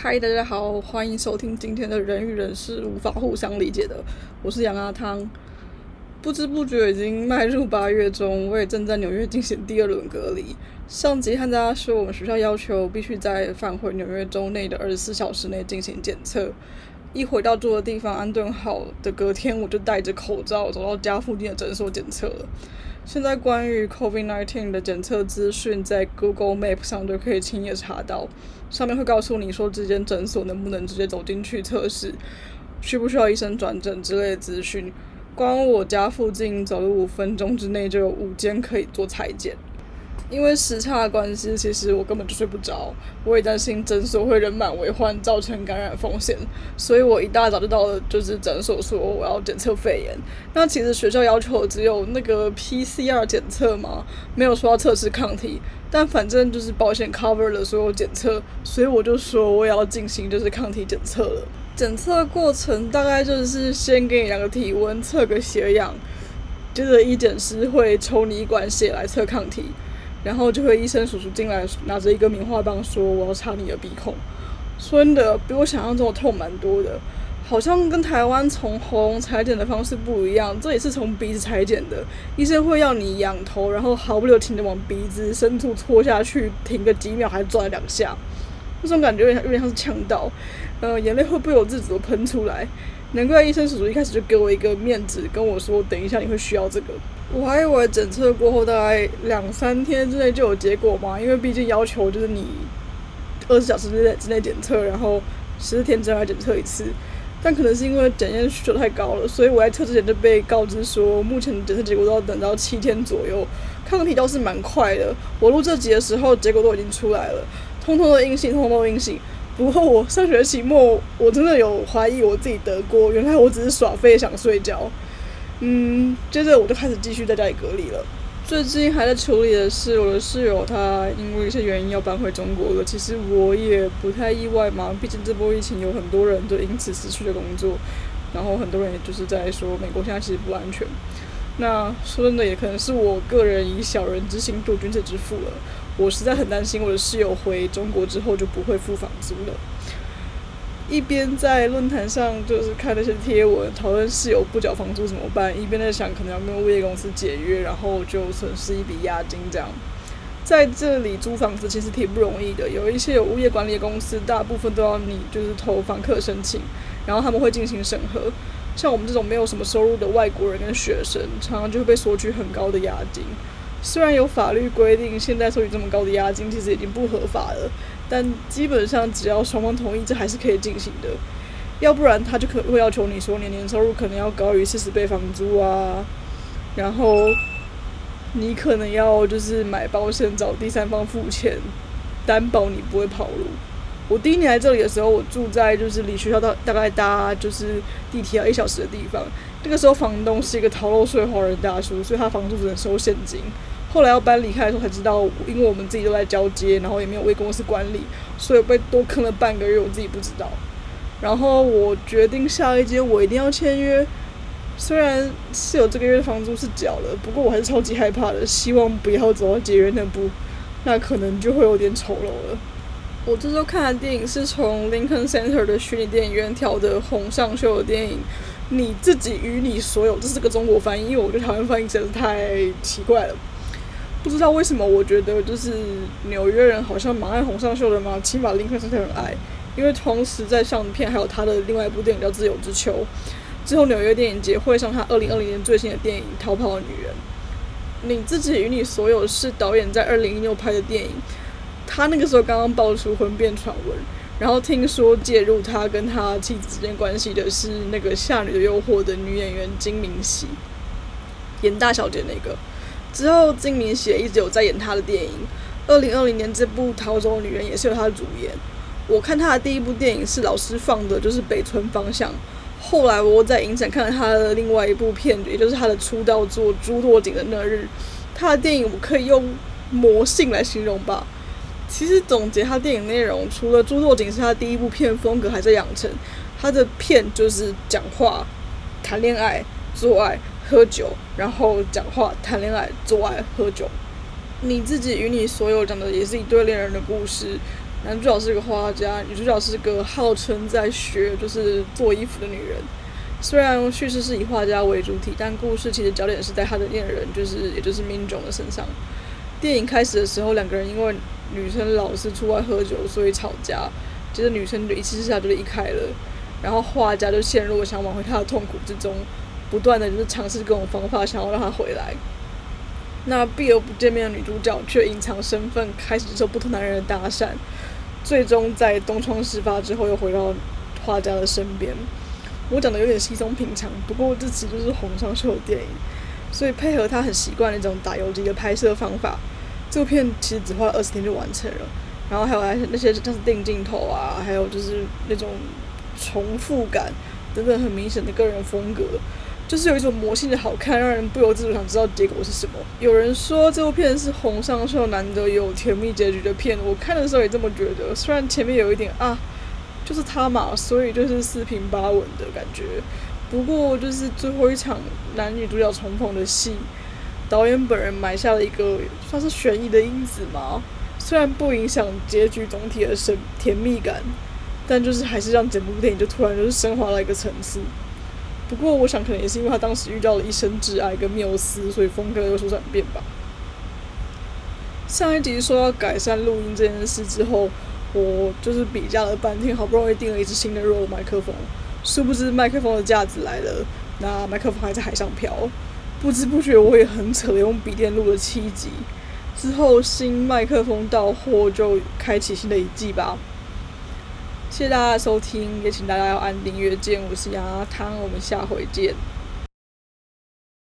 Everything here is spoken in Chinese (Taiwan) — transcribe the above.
嗨，Hi, 大家好，歡迎收聽今天的人與人是無法互相理解的。我是楊阿湯，不知不覺已經邁入八月中，我也正在紐約進行第二輪隔離。上集和大家說，我們學校要求必須在返回紐約州內的二十四小時內進行檢測。一回到住的地方安頓好的隔天，我就戴着口罩走到家附近的診所檢測了。現在關於 COVID-19 的檢測資訊，在 Google Map 上就可以輕易查到。上面會告訴你說，這間診所能不能直接走進去測試，需不需要醫生轉診之類的資訊。光我家附近，走路五分鐘之內就有五間可以做採檢。因為時差的關係，其實我根本就睡不着。我也擔心診所會人滿為患，造成感染風險，所以我一大早就到了，就是診所說我要檢測肺炎。那其實學校要求只有那個 PCR 檢測嘛，沒有說要測試抗體。但反正就是保險 cover 了所有檢測，所以我就說我也要進行就是抗體檢測了。檢測過程大概就是先給你量個體溫，測個血氧，就是醫檢師會抽你一管血來測抗體。然後就會醫生叔叔進來，拿着一個棉花棒說：“我要插你的鼻孔。”說真的比我想象中的痛蠻多的，好像跟台灣從喉嚨採檢的方式不一樣，這也是從鼻子採檢的。醫生會要你仰頭，然後毫不留情地往鼻子深處戳下去，停個幾秒，還是轉兩下。那種感覺有點有點像是嗆到，呃，眼淚會不由自主地噴出來。難怪醫生叔叔一開始就給我一個面子，跟我說，等一下你會需要這個。我還以為檢測過後大概兩三天之內就有結果嘛，因為畢竟要求就是你二十小時之內之內檢測，然後十四天之內檢測一次。但可能是因為檢驗需求太高了，所以我在測之前就被告知說，目前檢測結果都要等到七天左右。抗體倒是蠻快的，我錄這集的時候結果都已經出來了，通通都陰性，通通都陰性。不過我上學期末，我真的有懷疑我自己得過，原來我只是耍廢想睡覺。嗯，接着我就開始繼續在家裡隔離了。最近還在處理的是我的室友，他因為一些原因要搬回中國了。其實我也不太意外嘛，畢竟這波疫情有很多人都因此失去了工作，然後很多人也就是在說美國現在其實不安全。那說真的，也可能是我個人以小人之心度君子之腹了。我實在很擔心我的室友回中國之後就不會付房租了。一邊在論壇上就是看那些貼文，討論室友不繳房租怎麼辦；一邊在想，可能要跟物業公司解約，然後就損失一筆押金這樣。在這裡租房子其實挺不容易的，有一些有物業管理的公司，大部分都要你就是投房客申請，然後他們會進行審核。像我們這種沒有什麼收入的外國人跟學生，常常就會被索取很高的押金。雖然有法律規定，現在收取這麼高的押金其實已經不合法了，但基本上只要雙方同意，這還是可以進行的。要不然他就可會要求你說，你年收入可能要高於四十倍房租啊，然後你可能要就是買保險，找第三方付錢擔保你不會跑路。我第一年來這裡的時候，我住在就是離學校大大概搭就是地鐵要、啊、一小時的地方。那個時候，房東是一個逃漏稅華人大叔，所以他房租只能收現金。後來要搬離開的時候才知道，因為我們自己都在交接，然後也沒有物業公司管理，所以被多坑了半個月，我自己不知道。然後我決定下一間我一定要簽約，雖然是有這個月的房租是繳了，不過我還是超級害怕的，希望不要走到解約那步，那可能就會有點醜陋了。我這週看的電影是從 Lincoln Center 的虛擬電影院挑的紅上秀的電影。你自己與你所有，這是個中國翻譯，因為我覺得台灣翻譯，真的是太奇怪了。不知道為什麼，我覺得就是紐約人好像蠻愛洪尚秀的嘛，起碼林肯中心特別愛，因為同時在上片還有他的另外一部電影叫《自由之秋》，之後紐約電影節會上他二零二零年最新的電影《逃跑的女人》，你自己與你所有是導演在二零一六拍的電影，他那個時候剛剛爆出婚變傳聞。然後聽說介入他跟他妻子之間關係的是那個《下女的誘惑》的女演員金敏喜，演大小姐那個。之後金敏喜一直有在演他的電影，二零二零年這部《逃走的女人》也是由他主演。我看他的第一部電影是老師放的，就是北村方向。後來我又在影展看了他的另外一部片，也就是他的出道作《豬墮井的那日》。他的電影我可以用魔性來形容吧。其實總結他電影內容，除了《豬墮井》是他的第一部片風格還在養成，他的片就是講話、談戀愛、做愛、喝酒，然後講話、談戀愛、做愛、喝酒。你自己與你所有講的也是一對戀人的故事。男主角是一個畫家，女主角是個號稱在學就是做衣服的女人。雖然敘事是以畫家為主體，但故事其實焦點是在他的戀人，就是也就是 Min Jong 的身上。電影開始的時候，兩個人因為女生老是出外喝酒，所以吵架。其實女生就一氣之下就離開了，然後畫家就陷入了想挽回她的痛苦之中，不斷的就是嘗試各種方法，想要讓她回來。那避而不見面的女主角卻隱藏身份，開始接受不同男人的搭訕，最終在東窗事發之後又回到畫家的身邊。我講的有點稀鬆平常，不過這其實就是洪尚秀的電影。所以配合他很習慣那種打游擊的拍攝方法，這部片其實只花了二十天就完成了。然後還有那些像是定鏡頭啊，還有就是那種重複感等等，很明顯的個人風格，就是有一種魔性的好看，讓人不由自主想知道結果是什麼。有人說這部片是洪尚秀難得有甜蜜結局的片，我看的時候也這麼覺得。雖然前面有一點啊，就是他嘛，所以就是四平八穩的感覺。不過就是最後一場男女主角重逢的戲，導演本人埋下了一個算是懸疑的因子嘛。雖然不影響結局總體的甜甜蜜感，但就是還是讓整部電影就突然就是升華了一個層次。不過我想可能也是因為他當時遇到了一生摯愛跟繆斯，所以風格有所轉變吧。上一集說要改善錄音這件事之後，我就是比較了半天，好不容易訂了一支新的 ROLL 麥克風。殊不知麥克風的架子來了，那麥克風還在海上漂。不知不覺我也很扯，用筆電錄了七集。之後新麥克風到貨，就開啟新的一季吧。謝謝大家的收聽，也請大家要按訂閱鍵。我是鴨湯，我們下回見。